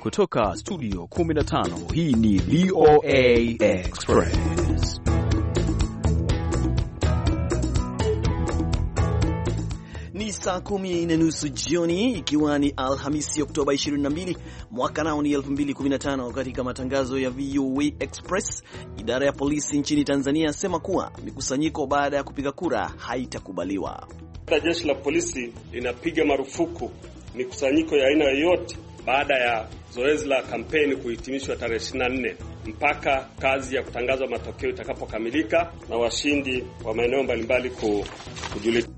Kutoka studio 15 hii ni VOA Express. Ni saa kumi na nusu jioni ikiwa ni Alhamisi Oktoba 22 mwaka nao ni 2015. Katika matangazo ya VOA Express, idara ya polisi nchini Tanzania asema kuwa mikusanyiko baada ya kupiga kura haitakubaliwa. Jeshi la polisi linapiga marufuku mikusanyiko ya aina yoyote baada ya zoezi la kampeni kuhitimishwa tarehe 24 mpaka kazi ya kutangazwa matokeo itakapokamilika na washindi wa maeneo mbalimbali kujulikana.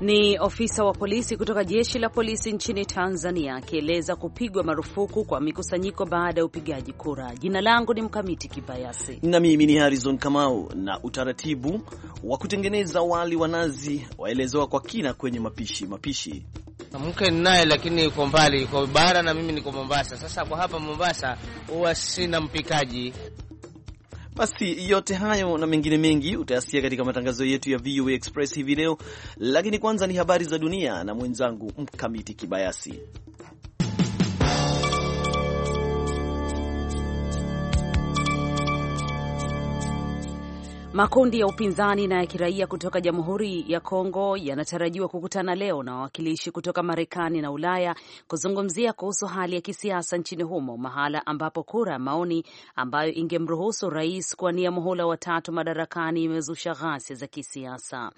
Ni ofisa wa polisi kutoka jeshi la polisi nchini Tanzania akieleza kupigwa marufuku kwa mikusanyiko baada ya upigaji kura. Jina langu ni Mkamiti Kibayasi na mimi ni Harrison Kamau. Na utaratibu wa kutengeneza wali wa nazi waelezewa kwa kina kwenye mapishi mapishi mke ninaye, lakini yuko mbali, yuko bara na mimi niko Mombasa. Sasa kwa hapa Mombasa huwa sina mpikaji. Basi yote hayo na mengine mengi utayasikia katika matangazo yetu ya VOA Express hivi leo, lakini kwanza ni habari za dunia na mwenzangu Mkamiti Kibayasi. Makundi ya upinzani na ya kiraia kutoka Jamhuri ya Kongo yanatarajiwa kukutana leo na wawakilishi kutoka Marekani na Ulaya kuzungumzia kuhusu hali ya kisiasa nchini humo, mahala ambapo kura ya maoni ambayo ingemruhusu rais kuwania muhula watatu madarakani imezusha ghasia za kisiasa.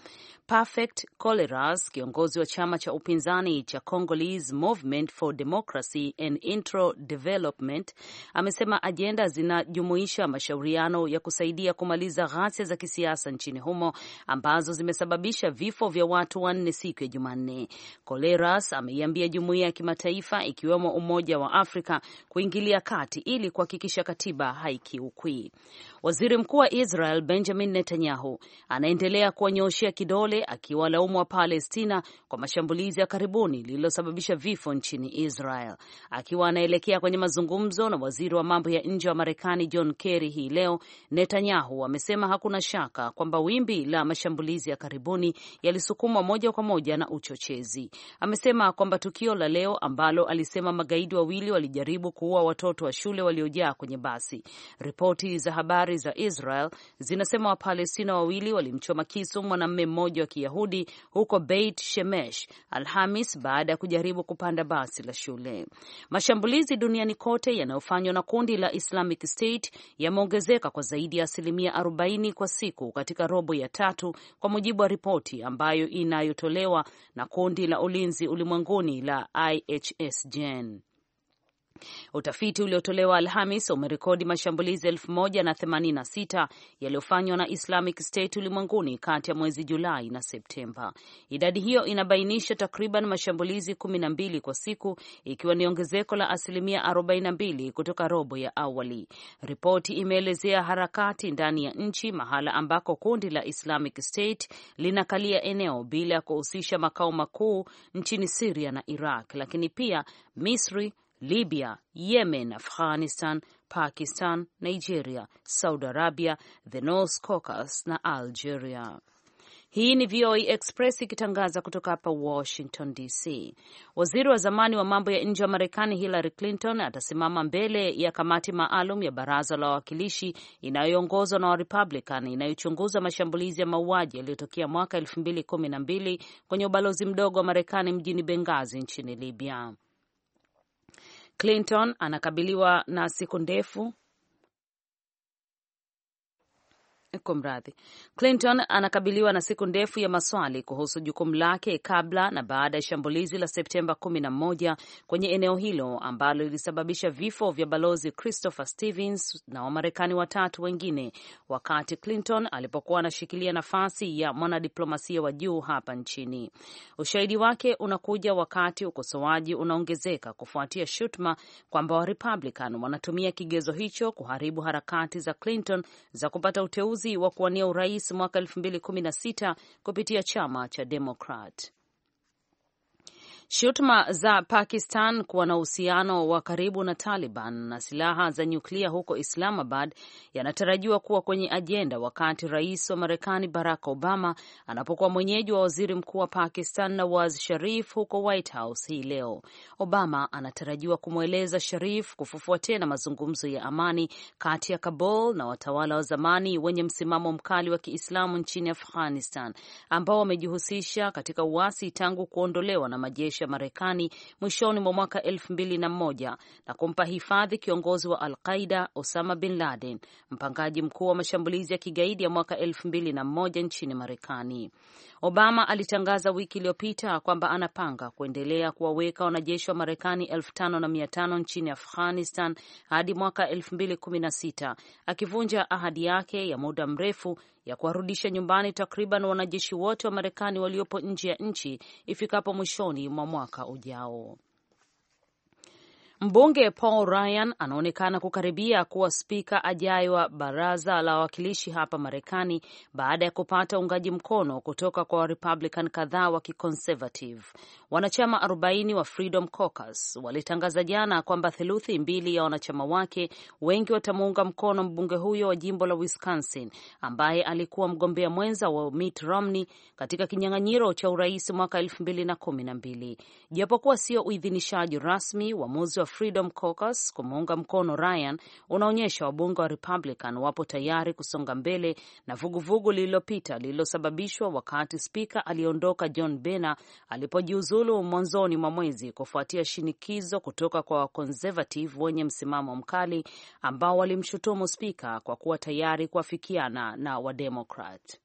Perfect Coleras, kiongozi wa chama cha upinzani cha Congolese Movement for Democracy and Intro Development, amesema ajenda zinajumuisha mashauriano ya kusaidia kumaliza ghasia za kisiasa nchini humo ambazo zimesababisha vifo vya watu wanne siku ya Jumanne. Coleras ameiambia jumuiya ya kimataifa ikiwemo Umoja wa Afrika kuingilia kati ili kuhakikisha katiba haikiukwi. Waziri Mkuu wa Israel Benjamin Netanyahu anaendelea kuwanyooshea kidole akiwalaumu wa Palestina kwa mashambulizi ya karibuni lililosababisha vifo nchini Israel. Akiwa anaelekea kwenye mazungumzo na waziri wa mambo ya nje wa Marekani John Kerry hii leo, Netanyahu amesema hakuna shaka kwamba wimbi la mashambulizi ya karibuni yalisukumwa moja kwa moja na uchochezi. Amesema kwamba tukio la leo ambalo alisema magaidi wawili walijaribu kuua watoto wa shule waliojaa kwenye basi. Ripoti za habari za Israel zinasema Wapalestina wawili walimchoma kisu mwanamume mmoja wa Kiyahudi huko Beit Shemesh Alhamis baada ya kujaribu kupanda basi la shule. Mashambulizi duniani kote yanayofanywa na kundi la Islamic State yameongezeka kwa zaidi ya asilimia 40 kwa siku katika robo ya tatu, kwa mujibu wa ripoti ambayo inayotolewa na kundi la ulinzi ulimwenguni la IHS Jen. Utafiti uliotolewa Alhamis umerekodi mashambulizi 1086 yaliyofanywa na Islamic State ulimwenguni kati ya mwezi Julai na Septemba. Idadi hiyo inabainisha takriban mashambulizi 12 kwa siku, ikiwa ni ongezeko la asilimia 42 kutoka robo ya awali. Ripoti imeelezea harakati ndani ya nchi, mahala ambako kundi la Islamic State linakalia eneo bila ya kuhusisha makao makuu nchini Siria na Iraq, lakini pia Misri, Libya, Yemen, Afghanistan, Pakistan, Nigeria, Saudi Arabia, the North Caucasus na Algeria. Hii ni VOA Express ikitangaza kutoka hapa Washington DC. Waziri wa zamani wa mambo ya nje wa Marekani Hillary Clinton atasimama mbele ya kamati maalum ya baraza la wawakilishi inayoongozwa na Warepublican inayochunguza mashambulizi ya mauaji yaliyotokea mwaka elfu mbili kumi na mbili kwenye ubalozi mdogo wa Marekani mjini Bengazi nchini Libya. Clinton anakabiliwa na siku ndefu Kumradhi, Clinton anakabiliwa na siku ndefu ya maswali kuhusu jukumu lake kabla na baada ya shambulizi la Septemba 11 kwenye eneo hilo ambalo lilisababisha vifo vya balozi Christopher Stevens na Wamarekani watatu wengine wakati Clinton alipokuwa anashikilia nafasi ya mwanadiplomasia wa juu hapa nchini. Ushahidi wake unakuja wakati ukosoaji unaongezeka kufuatia shutuma kwamba Warepublican wanatumia kigezo hicho kuharibu harakati za Clinton za kupata uteuzi uchaguzi wa kuwania urais mwaka 2016 kupitia chama cha Demokrat. Shutuma za Pakistan kuwa na uhusiano wa karibu na Taliban na silaha za nyuklia huko Islamabad yanatarajiwa kuwa kwenye ajenda wakati rais wa Marekani Barack Obama anapokuwa mwenyeji wa waziri mkuu wa Pakistan Nawaz Sharif huko White House hii leo. Obama anatarajiwa kumweleza Sharif kufufua tena mazungumzo ya amani kati ya Kabul na watawala wa zamani wenye msimamo mkali wa Kiislamu nchini Afghanistan ambao wamejihusisha katika uasi tangu kuondolewa na majeshi kuihamishia Marekani mwishoni mwa mwaka elfu mbili na moja na kumpa hifadhi kiongozi wa Al Qaida Osama bin Laden, mpangaji mkuu wa mashambulizi ya kigaidi ya mwaka elfu mbili na moja nchini Marekani. Obama alitangaza wiki iliyopita kwamba anapanga kuendelea kuwaweka wanajeshi wa Marekani elfu tano na mia tano nchini Afghanistan hadi mwaka elfu mbili kumi na sita akivunja ahadi yake ya muda mrefu ya kuwarudisha nyumbani takriban wanajeshi wote wa Marekani waliopo nje ya nchi ifikapo mwishoni mwa mwaka ujao. Mbunge Paul Ryan anaonekana kukaribia kuwa spika ajaye wa baraza la wawakilishi hapa Marekani baada ya kupata uungaji mkono kutoka kwa Warepublican kadhaa wa kiconservative. Wanachama 40 wa Freedom Caucus walitangaza jana kwamba theluthi mbili ya wanachama wake wengi watamuunga mkono mbunge huyo wa jimbo la Wisconsin ambaye alikuwa mgombea mwenza wa Mitt Romney katika kinyang'anyiro cha urais mwaka 2012. Japokuwa sio uidhinishaji rasmi, uamuzi wa Freedom Caucus kumuunga mkono Ryan unaonyesha wabunge wa Republican wapo tayari kusonga mbele na vuguvugu lililopita lililosababishwa wakati spika aliyeondoka John Boehner alipojiuzulu mwanzoni mwa mwezi kufuatia shinikizo kutoka kwa conservative wenye msimamo mkali ambao walimshutumu spika kwa kuwa tayari kuafikiana na Wademokrat.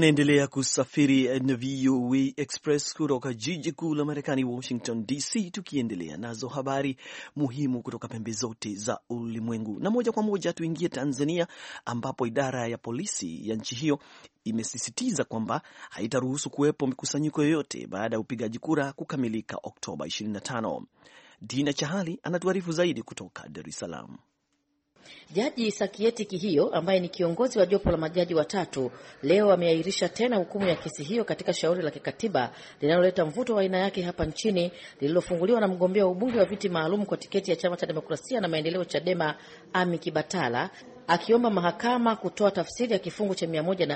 Unaendelea kusafiri na VOA Express kutoka jiji kuu la Marekani, Washington DC, tukiendelea nazo habari muhimu kutoka pembe zote za ulimwengu. Na moja kwa moja tuingie Tanzania, ambapo idara ya polisi ya nchi hiyo imesisitiza kwamba haitaruhusu kuwepo mikusanyiko yoyote baada ya upigaji kura kukamilika Oktoba 25. Dina Chahali anatuarifu zaidi kutoka Dar es Salaam. Jaji Sakieti Kihio ambaye ni kiongozi wa jopo la majaji watatu leo ameahirisha tena hukumu ya kesi hiyo katika shauri la kikatiba linaloleta mvuto wa aina yake hapa nchini lililofunguliwa na mgombea wa ubunge wa viti maalum kwa tiketi ya Chama cha Demokrasia na Maendeleo, Chadema, Ami Kibatala akiomba mahakama kutoa tafsiri ya kifungu cha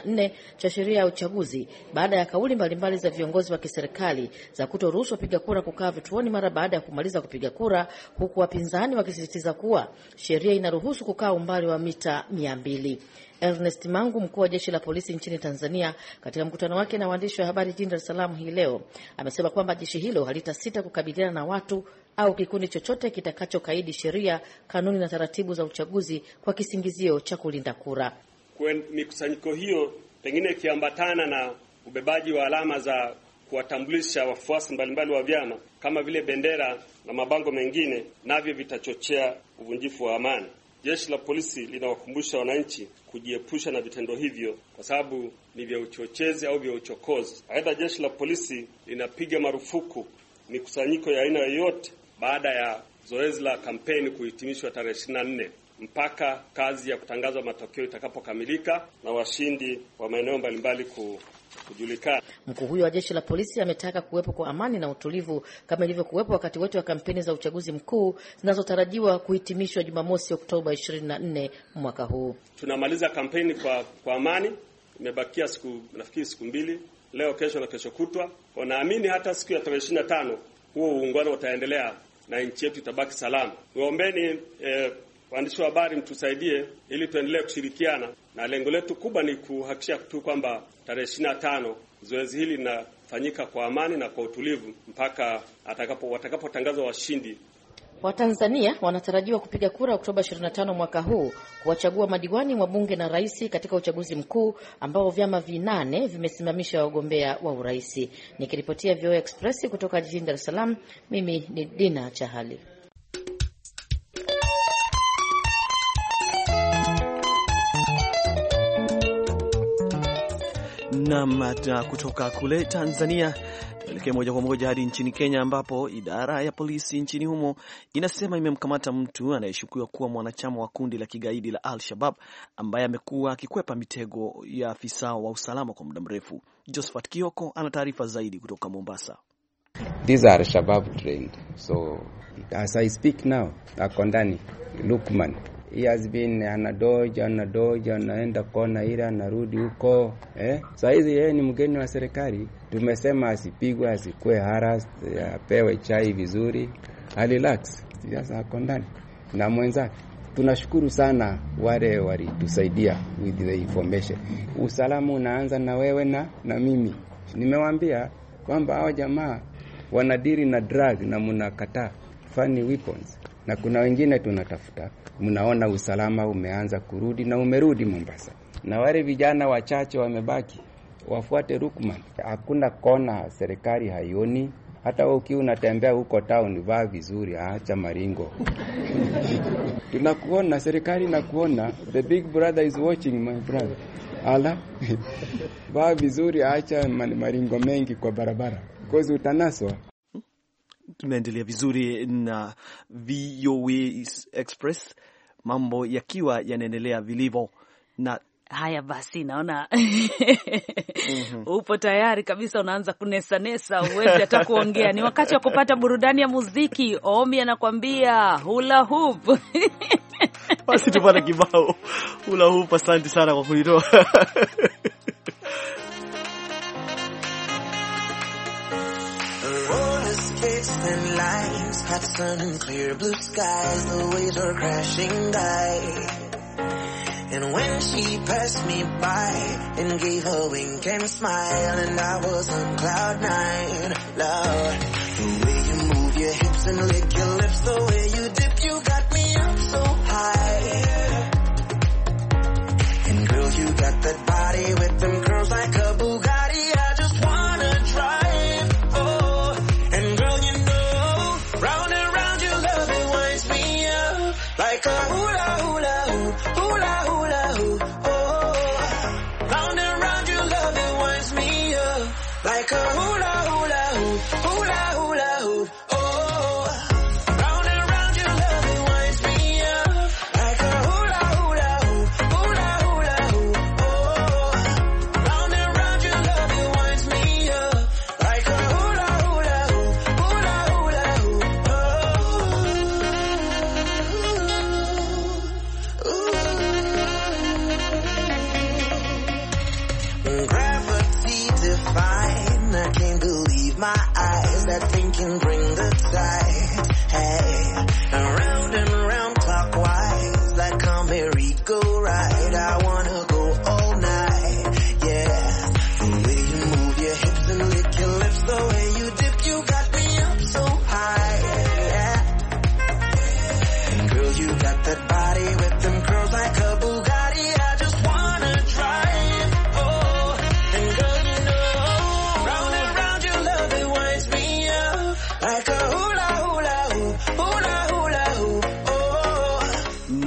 nne cha sheria ya uchaguzi baada ya kauli mbalimbali za viongozi wa kiserikali za kutoruhusu wapiga kura kukaa vituoni mara baada ya kumaliza kupiga kura, huku wapinzani wakisisitiza kuwa sheria inaruhusu kukaa umbali wa mita mbili. Ernest Mangu, mkuu wa jeshi la polisi nchini Tanzania, katika mkutano wake na waandishi wa habari jijini Dar es Salaam hii leo amesema kwamba jeshi hilo halitasita kukabiliana na watu au kikundi chochote kitakachokaidi sheria, kanuni na taratibu za uchaguzi kwa kisingizio cha kulinda kura. Kwa mikusanyiko hiyo, pengine ikiambatana na ubebaji wa alama za kuwatambulisha wafuasi mbalimbali wa vyama kama vile bendera na mabango mengine, navyo vitachochea uvunjifu wa amani. Jeshi la polisi linawakumbusha wananchi kujiepusha na vitendo hivyo kwa sababu ni vya uchochezi au vya uchokozi. Aidha, jeshi la polisi linapiga marufuku mikusanyiko ya aina yoyote baada ya zoezi la kampeni kuhitimishwa tarehe 24 mpaka kazi ya kutangazwa matokeo itakapokamilika na washindi wa maeneo mbalimbali ku kujulikana. Mkuu huyo wa jeshi la polisi ametaka kuwepo kwa amani na utulivu kama ilivyokuwepo wakati wote wa kampeni za uchaguzi mkuu zinazotarajiwa kuhitimishwa Jumamosi Oktoba 24 mwaka huu. Tunamaliza kampeni kwa, kwa amani. Imebakia siku nafikiri siku mbili, leo kesho na kesho kutwa. wanaamini hata siku ya tarehe 25 huo uungwana utaendelea na nchi yetu itabaki salama. Waombeni eh, waandishi wa habari mtusaidie, ili tuendelee kushirikiana, na lengo letu kubwa ni kuhakikisha tu kwamba tarehe ishirini na tano zoezi hili linafanyika kwa amani na kwa utulivu mpaka atakapo watakapotangaza washindi Watanzania wanatarajiwa kupiga kura Oktoba 25 mwaka huu kuwachagua madiwani, wa bunge na rais katika uchaguzi mkuu ambao vyama vinane vimesimamisha wagombea wa urais. Nikiripotia VOA Express kutoka jijini Dar es Salaam, mimi ni Dina Chahali. Nam, kutoka kule Tanzania Tuelekee moja kwa moja hadi nchini Kenya ambapo idara ya polisi nchini humo inasema imemkamata mtu anayeshukiwa kuwa mwanachama wa kundi la kigaidi la Al-Shabab ambaye amekuwa akikwepa mitego ya afisa wa usalama kwa muda mrefu. Josephat Kioko ana taarifa zaidi kutoka Mombasa. These are Shabab trained. So as I speak now, ako ndani Lukman He has been anadoja eh, anadoja, anaenda kona ile, anarudi huko eh. hizi yeye ni mgeni wa serikali. Tumesema asipigwe, asikue harassed, eh, apewe chai vizuri, alirelax. Sasa ako ndani na mwenzake. Tunashukuru sana wale walitusaidia with the information. Usalama unaanza na wewe na na mimi. nimewambia kwamba hao jamaa wanadiri na drug na munakataa funny weapons na kuna wengine tunatafuta. Mnaona usalama umeanza kurudi na umerudi Mombasa, na wale vijana wachache wamebaki wafuate Rukman. Hakuna kona serikali haioni. Hata wewe ukiwa unatembea huko town, vaa vizuri, acha maringo tunakuona, serikali inakuona. The big brother is watching my brother ala vaa vizuri, acha maringo mengi kwa barabara, kozi utanaswa. Tunaendelea vizuri na VOA Express, mambo yakiwa yanaendelea vilivyo na Haya basi, naona mhm. upo tayari kabisa, unaanza kunesanesa, uwezi hata kuongea. Ni wakati wa kupata burudani ya muziki. Omi anakuambia hula hoop. Basi tupate kibao hula hoop. Asante sana kwa kunitoa Lights and lights, hot sun and clear blue skies, the waves were crashing by. And when she passed me by and gave a wink and smile, and I was on cloud nine, Love The way you move your hips and lick your lips, the way you did.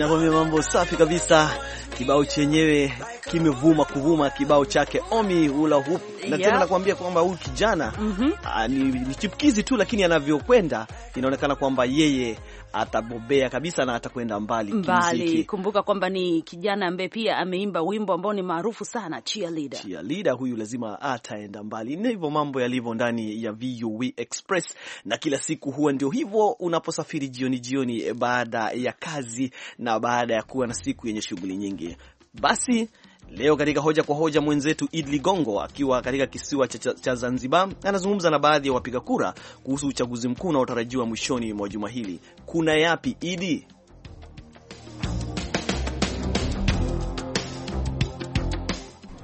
anakuambia mambo safi kabisa. Kibao chenyewe kimevuma kuvuma, kibao chake Omi hula hupu na tena nakwambia kwamba huyu kijana mm -hmm. ni, ni chipukizi tu, lakini anavyokwenda inaonekana kwamba yeye atabobea kabisa na atakwenda mbali mbali. Kumbuka kwamba ni kijana ambaye pia ameimba wimbo ambao ni maarufu sana cheerleader. Cheerleader huyu lazima ataenda mbali. Ni hivyo mambo yalivyo ndani ya VUW e Express, na kila siku huwa ndio hivyo unaposafiri jioni jioni, eh, baada ya kazi na baada ya kuwa na siku yenye shughuli nyingi, basi Leo katika hoja kwa hoja, mwenzetu Id Ligongo akiwa katika kisiwa cha, cha Zanzibar anazungumza na baadhi ya wapiga kura kuhusu uchaguzi mkuu unaotarajiwa mwishoni mwa juma hili. Kuna yapi Idi?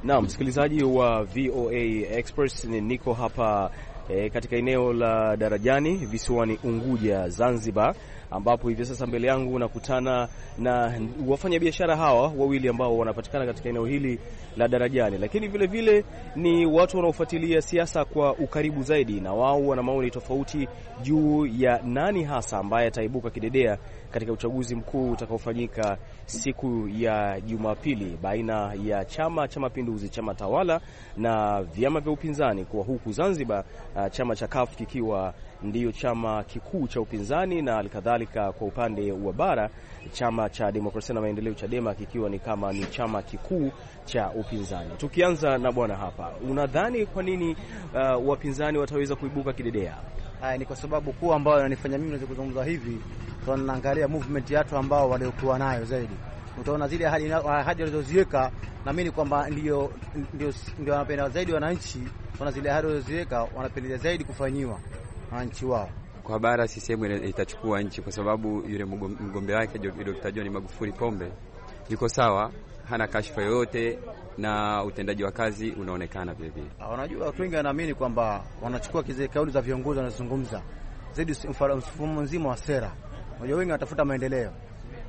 Na msikilizaji wa VOA Express, niko hapa e, katika eneo la Darajani visiwani Unguja, Zanzibar ambapo hivi sasa mbele yangu nakutana na wafanyabiashara hawa wawili ambao wanapatikana katika eneo hili la Darajani, lakini vile vile ni watu wanaofuatilia siasa kwa ukaribu zaidi, na wao wana maoni tofauti juu ya nani hasa ambaye ataibuka kidedea katika uchaguzi mkuu utakaofanyika siku ya Jumapili baina ya Chama cha Mapinduzi, chama tawala, na vyama vya upinzani, kwa huku Zanzibar uh, chama cha CUF kikiwa ndiyo chama kikuu cha upinzani na halikadhalika kwa upande wa bara chama cha demokrasia na maendeleo Chadema kikiwa ni kama ni chama kikuu cha upinzani. Tukianza na bwana hapa, unadhani kwa nini uh, wapinzani wataweza kuibuka kidedea? Haya, ni kwa sababu kuu ambayo inanifanya mimi naweza kuzungumza hivi, tunaangalia movement ya watu ambao waliokuwa nayo zaidi utaona zile ahadi walizoziweka, mimi kwamba ndio wanapenda zaidi wananchi, wana zile ahadi walizoziweka wanapendelea zaidi kufanyiwa wananchi wao. Kwa bara CCM itachukua nchi, kwa sababu yule mgombea wake Dr. John Magufuli Pombe yuko sawa, hana kashfa yoyote na utendaji wa kazi unaonekana vile vile. Ah, unajua, watu wengi wanaamini kwamba wanachukua kizee kauli za viongozi wanazungumza zaidi, mfumo mzima wa sera. Unajua, wengi wanatafuta maendeleo,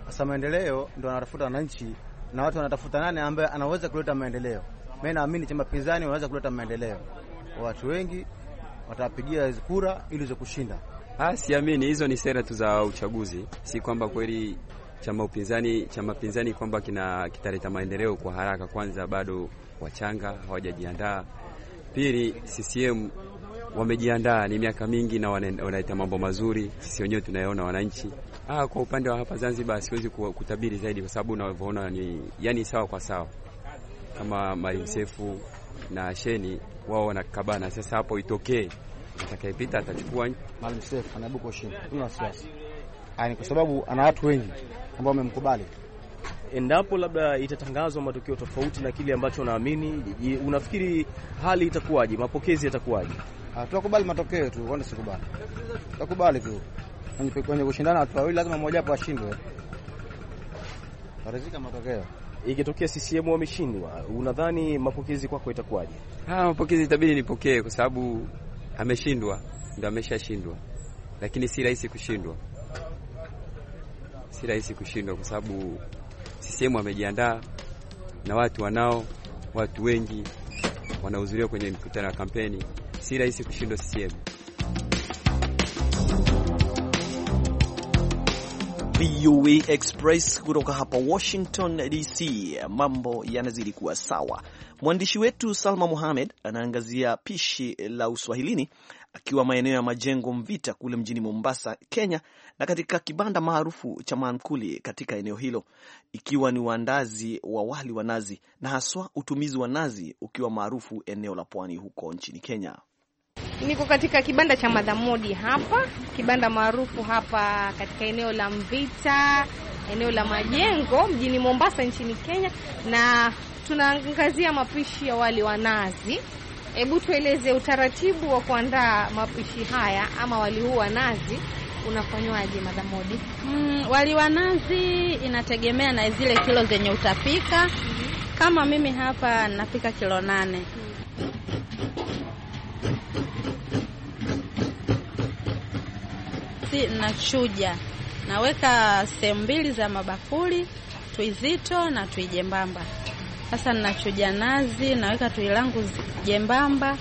sasa maendeleo ndio wanatafuta wananchi, na watu wanatafuta nani ambaye anaweza kuleta maendeleo. Mimi naamini chama pinzani wanaweza kuleta maendeleo watu wengi watapigia kura ili za kushinda. Ah, siamini hizo ni sera tu za uchaguzi, si kwamba kweli chama upinzani chama pinzani kwamba kina kitaleta maendeleo kwa haraka. Kwanza bado wachanga hawajajiandaa, pili CCM wamejiandaa ni miaka mingi na wanaleta mambo mazuri, sisi wenyewe tunayaona wananchi. Ah, kwa upande wa hapa Zanzibar siwezi kutabiri zaidi, kwa sababu unavyoona ni yani sawa kwa sawa, kama Maalim Seif na sheni wao wanakabana. Sasa hapo itokee atakayepita atachukua. Maalim Seif anaibuka ushindi, tuna wasiwasi yani, kwa sababu ana watu wengi ambao wamemkubali. Endapo labda itatangazwa matokeo tofauti na kile ambacho naamini, unafikiri hali itakuwaje? Mapokezi yatakuwaje? Ah, tutakubali matokeo tu, wala sikubali, tutakubali tu kwenye kushindana. Watu wawili lazima mmoja wapo ashindwe, tarizika matokeo ikitokea CCM wameshindwa, unadhani mapokezi kwako itakuwaje? Ah, mapokezi itabidi nipokee kwa sababu ameshindwa, ndio ameshashindwa, lakini si rahisi kushindwa, si rahisi kushindwa kwa sababu CCM amejiandaa na watu wanao, watu wengi wanahudhuria kwenye mkutano ya kampeni, si rahisi kushindwa CCM. VOA Express kutoka hapa Washington DC. Mambo yanazidi kuwa sawa. Mwandishi wetu Salma Mohamed anaangazia pishi la Uswahilini akiwa maeneo ya Majengo Mvita kule mjini Mombasa, Kenya, na katika kibanda maarufu cha mankuli katika eneo hilo, ikiwa ni uandazi wa wali wa nazi na haswa utumizi wa nazi ukiwa maarufu eneo la pwani huko nchini Kenya. Niko katika kibanda cha Madhamodi hapa, kibanda maarufu hapa katika eneo la Mvita, eneo la Majengo mjini Mombasa nchini Kenya, na tunaangazia mapishi ya wali wa nazi. Hebu tueleze utaratibu wa kuandaa mapishi haya ama wali huu wa nazi unafanywaje, Madhamodi? Mm, wali wa nazi inategemea na zile kilo zenye utapika. Mm-hmm. Kama mimi hapa napika kilo nane mm-hmm si nachuja, naweka sehemu mbili za mabakuli, tuizito na tuijembamba. Sasa ninachuja nazi, naweka tui langu jembamba,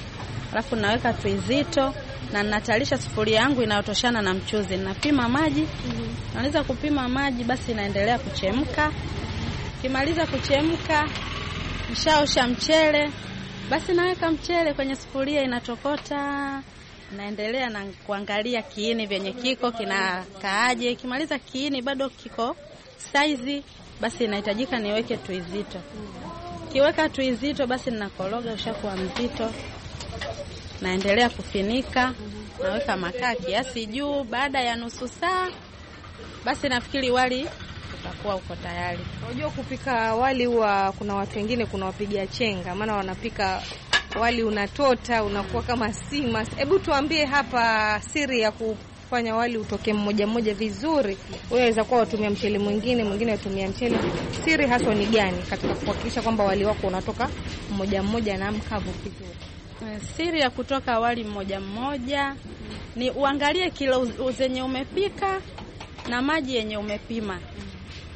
alafu naweka tuizito na nataarisha sufuria yangu inayotoshana na mchuzi. Ninapima maji mm -hmm. Naweza kupima maji, basi inaendelea kuchemka. Kimaliza kuchemka, mshaosha mchele basi naweka mchele kwenye sufuria, inatokota, naendelea na kuangalia kiini vyenye kiko kinakaaje. Ikimaliza kiini bado kiko saizi, basi inahitajika niweke tuizito. Kiweka tuizito, basi ninakoroga, ushakuwa mzito, naendelea kufinika, naweka makaa kiasi juu. Baada ya nusu saa, basi nafikiri wali unakuwa uko tayari. Unajua kupika wali huwa kuna watu wengine, kuna wapiga chenga, maana wanapika wali unatota unakuwa kama sima. Hebu tuambie hapa siri ya ku fanya wali utoke mmoja mmoja vizuri. Unaweza kuwa watumia mchele mwingine mwingine watumia mchele. Siri haswa ni gani katika kuhakikisha kwamba wali wako unatoka mmoja mmoja na mkavu vizuri? Eh, siri ya kutoka wali mmoja mmoja ni uangalie kilo zenye umepika na maji yenye umepima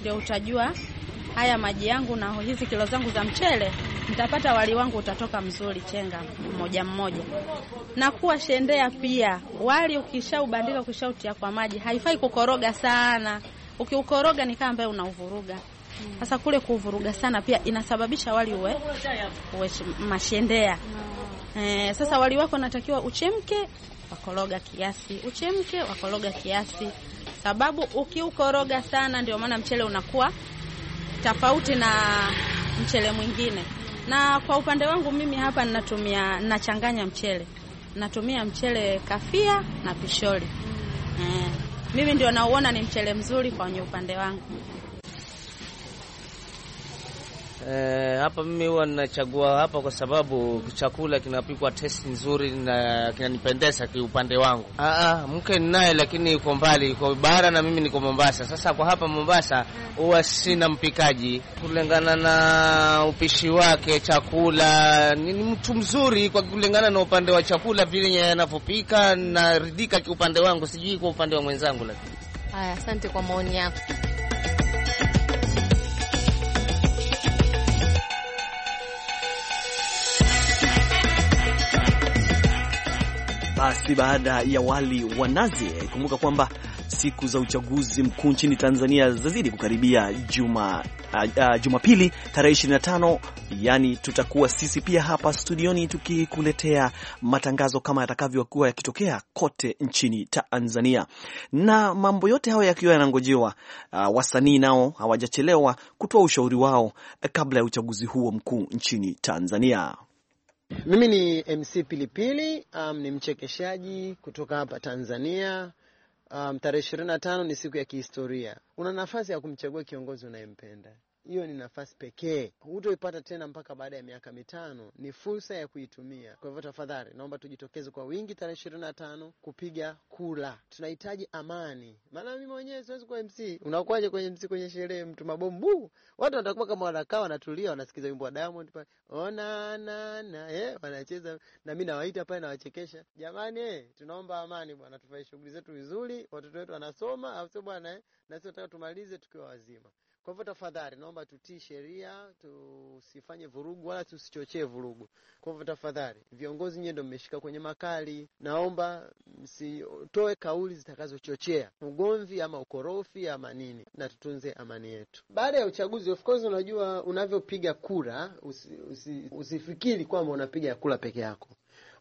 ndio utajua haya maji yangu na hizi kilo zangu za mchele nitapata wali wangu utatoka mzuri, chenga mmoja mmoja. Na kuwa shendea pia, wali ukishaubandika, ukishautia kwa maji, haifai kukoroga sana. Ukiukoroga ni kama ambaye unauvuruga. Sasa kule kuvuruga sana pia inasababisha wali uwe, uwe mashendea. E, sasa wali wako natakiwa uchemke wakoroga kiasi, uchemke wakoroga kiasi sababu ukiukoroga sana, ndio maana mchele unakuwa tofauti na mchele mwingine. Na kwa upande wangu mimi hapa natumia, nachanganya mchele, natumia mchele kafia na pishori. Eh, mimi ndio nauona ni mchele mzuri kwenye upande wangu. Eh, hapa mimi huwa ninachagua hapa kwa sababu chakula kinapikwa testi nzuri na kinanipendeza kiupande wangu. Ah, ah, mke ninaye lakini yuko mbali, yuko bara na mimi niko Mombasa. Sasa kwa hapa Mombasa huwa sina mpikaji kulingana na upishi wake. Chakula ni mtu mzuri kwa kulingana na upande wa chakula vile anavyopika, naridhika kiupande wangu, sijui kwa upande wa mwenzangu lakini. Haya, asante kwa maoni yako. Basi baada ya wali wa nazi, kumbuka kwamba siku za uchaguzi mkuu nchini Tanzania zazidi kukaribia juma uh, Jumapili tarehe 25, yani tutakuwa sisi pia hapa studioni tukikuletea matangazo kama yatakavyokuwa yakitokea kote nchini Tanzania, na mambo yote hayo yakiwa yanangojewa. Uh, wasanii nao hawajachelewa kutoa ushauri wao e, kabla ya uchaguzi huo mkuu nchini Tanzania. Mimi ni MC Pilipili, um, ni mchekeshaji kutoka hapa Tanzania. Um, tarehe tano ni siku ya kihistoria. Una nafasi ya kumchagua kiongozi unayempenda hiyo ni nafasi pekee, hutoipata tena mpaka baada ya miaka mitano. Ni fursa ya kuitumia. Kwa hivyo, tafadhali naomba tujitokeze kwa wingi tarehe ishirini na tano kupiga kula. Tunahitaji amani, maana mimi mwenyewe siwezi kuwa MC. Unakuwaje kwenye MC kwenye sherehe, mtu mabomu buu, Watu watakuwa kama wanakaa wanatulia, wanasikiza wimbo wa Diamond pale, ona oh, na na eh, wanacheza na mimi nawaita pale, nawachekesha. Jamani eh, tunaomba amani bwana, tufanye shughuli zetu vizuri, watoto wetu wanasoma, au sio bwana eh? Na sio tunataka tumalize tukiwa wazima. Kwa hivyo tafadhali, naomba tutii sheria, tusifanye vurugu wala tusichochee vurugu. Kwa hivyo tafadhali, viongozi nyie ndo mmeshika kwenye makali, naomba msitoe kauli zitakazochochea ugomvi ama ukorofi ama nini, na tutunze amani yetu. Baada ya uchaguzi, of course, unajua unavyopiga kura usi, usi, usifikiri kwamba unapiga kura peke yako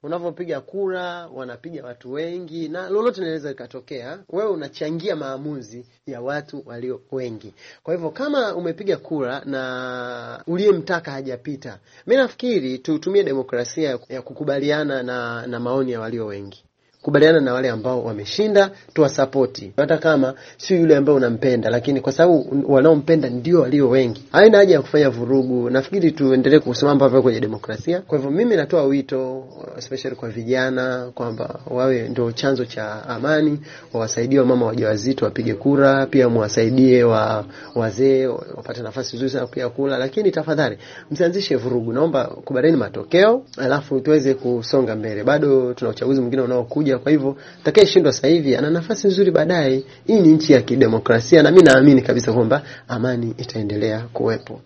unavyopiga kura wanapiga watu wengi, na lolote linaweza likatokea. Wewe unachangia maamuzi ya watu walio wengi. Kwa hivyo kama umepiga kura na uliyemtaka hajapita, mi nafikiri tutumie demokrasia ya kukubaliana na, na maoni ya walio wengi kubaliana na wale ambao wameshinda, tuwasapoti hata kama sio yule ambaye unampenda, lakini kwa sababu wanaompenda ndio walio wengi, haina haja ya kufanya vurugu. Nafikiri tuendelee kusimama hapo kwenye demokrasia. Kwa hivyo mimi natoa wito especially kwa vijana kwamba wawe ndio chanzo cha amani, wawasaidie wamama wajawazito wapige kura, pia mwasaidie wa wazee wapate nafasi nzuri sana kupiga kura, lakini tafadhali msianzishe vurugu. Naomba kubaliani matokeo, alafu tuweze kusonga mbele. Bado tuna uchaguzi mwingine unaokuja kuingia. Kwa hivyo atakayeshindwa sasa hivi ana nafasi nzuri baadaye. Hii ni nchi ya kidemokrasia, na mimi naamini kabisa kwamba amani itaendelea kuwepo.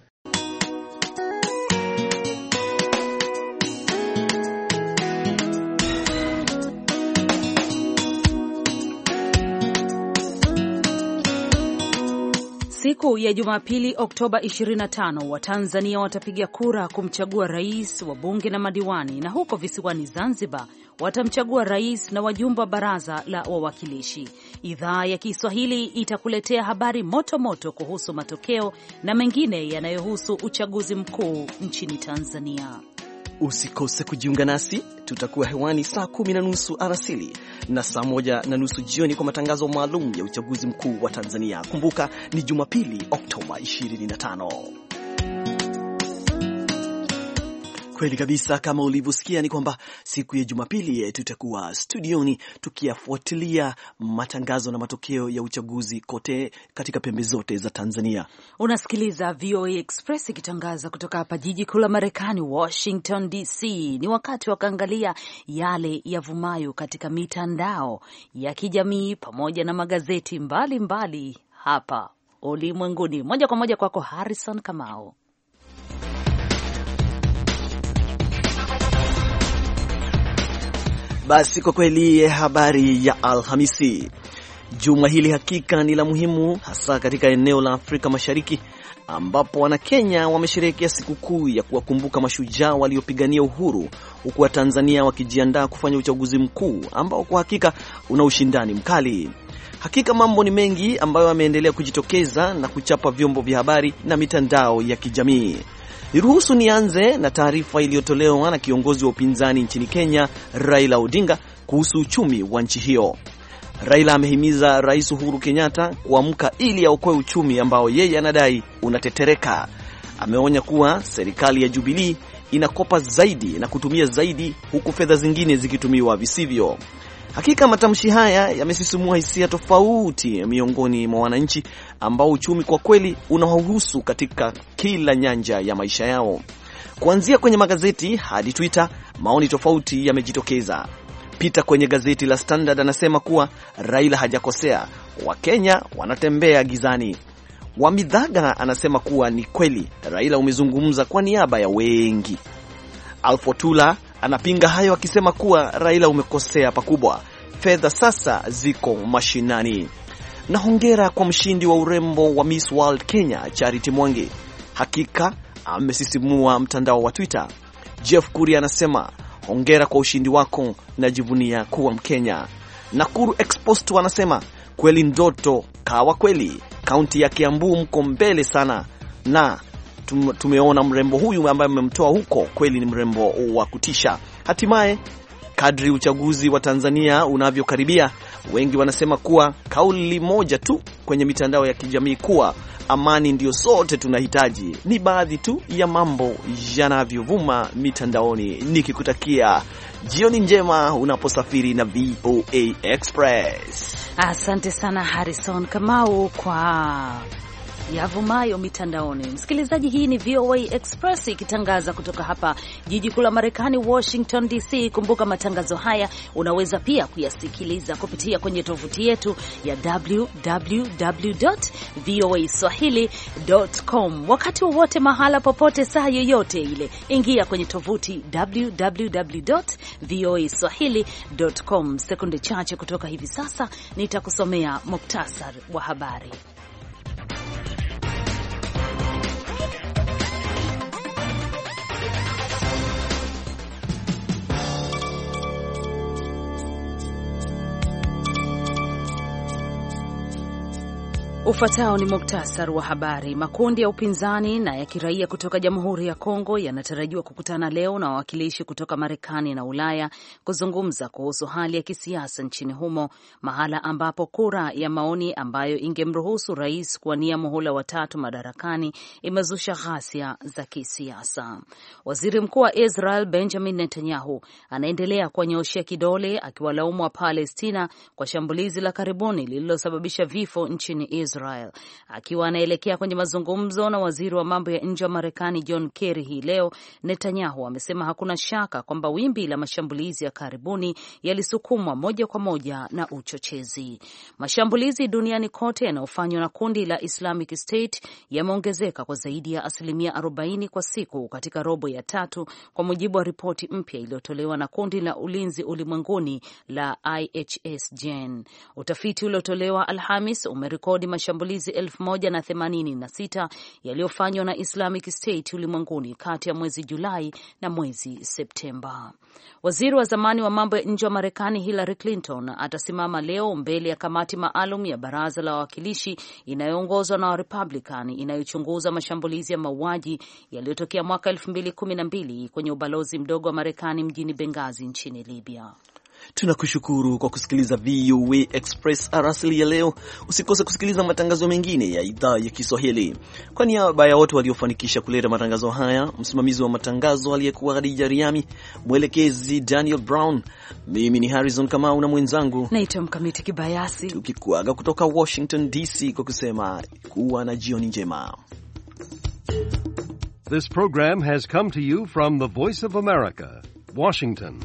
Siku ya Jumapili, Oktoba 25, Watanzania watapiga kura kumchagua rais, wabunge na madiwani, na huko visiwani Zanzibar watamchagua rais na wajumbe wa baraza la wawakilishi. Idhaa ya Kiswahili itakuletea habari moto moto kuhusu matokeo na mengine yanayohusu uchaguzi mkuu nchini Tanzania. Usikose kujiunga nasi, tutakuwa hewani saa kumi na nusu arasili na saa moja na nusu jioni kwa matangazo maalum ya uchaguzi mkuu wa Tanzania. Kumbuka ni Jumapili, Oktoba 25. Kweli kabisa, kama ulivyosikia ni kwamba siku ya Jumapili eh, tutakuwa studioni tukiyafuatilia matangazo na matokeo ya uchaguzi kote katika pembe zote za Tanzania. Unasikiliza VOA Express ikitangaza kutoka hapa jiji kuu la Marekani, Washington DC. Ni wakati wa kuangalia yale yavumayo katika mitandao ya kijamii pamoja na magazeti mbalimbali mbali hapa ulimwenguni. Moja kwa moja kwako Harrison Kamao. Basi kwa kweli habari ya Alhamisi juma hili hakika ni la muhimu, hasa katika eneo la Afrika Mashariki ambapo Wanakenya wamesherehekea sikukuu ya kuwakumbuka mashujaa waliopigania uhuru, huku Watanzania wakijiandaa kufanya uchaguzi mkuu ambao kwa hakika una ushindani mkali. Hakika mambo ni mengi ambayo yameendelea kujitokeza na kuchapa vyombo vya habari na mitandao ya kijamii. Niruhusu nianze na taarifa iliyotolewa na kiongozi wa upinzani nchini Kenya, Raila Odinga, kuhusu uchumi wa nchi hiyo. Raila amehimiza Rais Uhuru Kenyatta kuamka ili aokoe uchumi ambao yeye anadai unatetereka. Ameonya kuwa serikali ya Jubilii inakopa zaidi na kutumia zaidi huku fedha zingine zikitumiwa visivyo. Hakika matamshi haya yamesisimua hisia tofauti miongoni mwa wananchi ambao uchumi kwa kweli unawahusu katika kila nyanja ya maisha yao. Kuanzia kwenye magazeti hadi Twitter, maoni tofauti yamejitokeza. Peter kwenye gazeti la Standard anasema kuwa Raila hajakosea, Wakenya wanatembea gizani. Wamidhaga anasema kuwa ni kweli Raila umezungumza kwa niaba ya wengi. Alfotula anapinga hayo akisema kuwa Raila, umekosea pakubwa, fedha sasa ziko mashinani. Na hongera kwa mshindi wa urembo wa Miss World Kenya Charity Mwangi, hakika amesisimua mtandao wa Twitter. Jeff kuri anasema hongera kwa ushindi wako, najivunia kuwa Mkenya. Nakuru Expost anasema kweli, ndoto kawa kweli. Kaunti ya Kiambu mko mbele sana na tumeona mrembo huyu ambaye mmemtoa huko kweli ni mrembo wa kutisha. Hatimaye, kadri uchaguzi wa Tanzania unavyokaribia, wengi wanasema kuwa kauli moja tu kwenye mitandao ya kijamii kuwa amani ndiyo sote tunahitaji ni baadhi tu ya mambo yanavyovuma mitandaoni, nikikutakia jioni njema unaposafiri na VOA Express. Asante sana Harrison Kamau kwa yavumayo mitandaoni. Msikilizaji, hii ni VOA Express ikitangaza kutoka hapa jiji kuu la Marekani, Washington DC. Kumbuka matangazo haya unaweza pia kuyasikiliza kupitia kwenye tovuti yetu ya www voa swahili.com, wakati wowote, mahala popote, saa yoyote ile. Ingia kwenye tovuti www voa swahili.com. Sekunde chache kutoka hivi sasa nitakusomea muktasar wa habari. Ufuatao ni muktasar wa habari. Makundi ya upinzani na ya kiraia kutoka Jamhuri ya Kongo yanatarajiwa kukutana leo na wawakilishi kutoka Marekani na Ulaya kuzungumza kuhusu hali ya kisiasa nchini humo, mahala ambapo kura ya maoni ambayo ingemruhusu rais kuwania muhula watatu madarakani imezusha ghasia za kisiasa. Waziri Mkuu wa Israel Benjamin Netanyahu anaendelea kuwanyooshea kidole akiwalaumu wa Palestina kwa shambulizi la karibuni lililosababisha vifo nchini Israel Israel. Akiwa anaelekea kwenye mazungumzo na waziri wa mambo ya nje wa Marekani John Kerry hii leo, Netanyahu amesema hakuna shaka kwamba wimbi la mashambulizi ya karibuni yalisukumwa moja kwa moja na uchochezi. Mashambulizi duniani kote yanayofanywa na kundi la Islamic State yameongezeka kwa zaidi ya asilimia 40 kwa siku katika robo ya tatu, kwa mujibu wa ripoti mpya iliyotolewa na kundi la ulinzi ulimwenguni la IHS Utafiti uliotolewa Alhamis umerekodi mashambulizi 1086 yaliyofanywa na Islamic State ulimwenguni kati ya mwezi Julai na mwezi Septemba. Waziri wa zamani wa mambo ya nje wa Marekani Hillary Clinton atasimama leo mbele ya kamati maalum ya baraza la wawakilishi inayoongozwa na Warepublican inayochunguza mashambulizi ya mauaji yaliyotokea mwaka 2012 kwenye ubalozi mdogo wa Marekani mjini bengazi nchini Libya. Tunakushukuru kwa kusikiliza VOA Express arasili ya leo. Usikose kusikiliza matangazo mengine ya idhaa ya Kiswahili. Kwa niaba ya wote waliofanikisha kuleta matangazo haya, msimamizi wa matangazo aliyekuwa Hadija Riami, mwelekezi Daniel Brown, mimi ni Harrison Kamau na mwenzangu naitwa Mkamiti Kibayasi, tukikuaga kutoka Washington DC kwa kusema kuwa na jioni njema. This program has come to you from the Voice of America, Washington.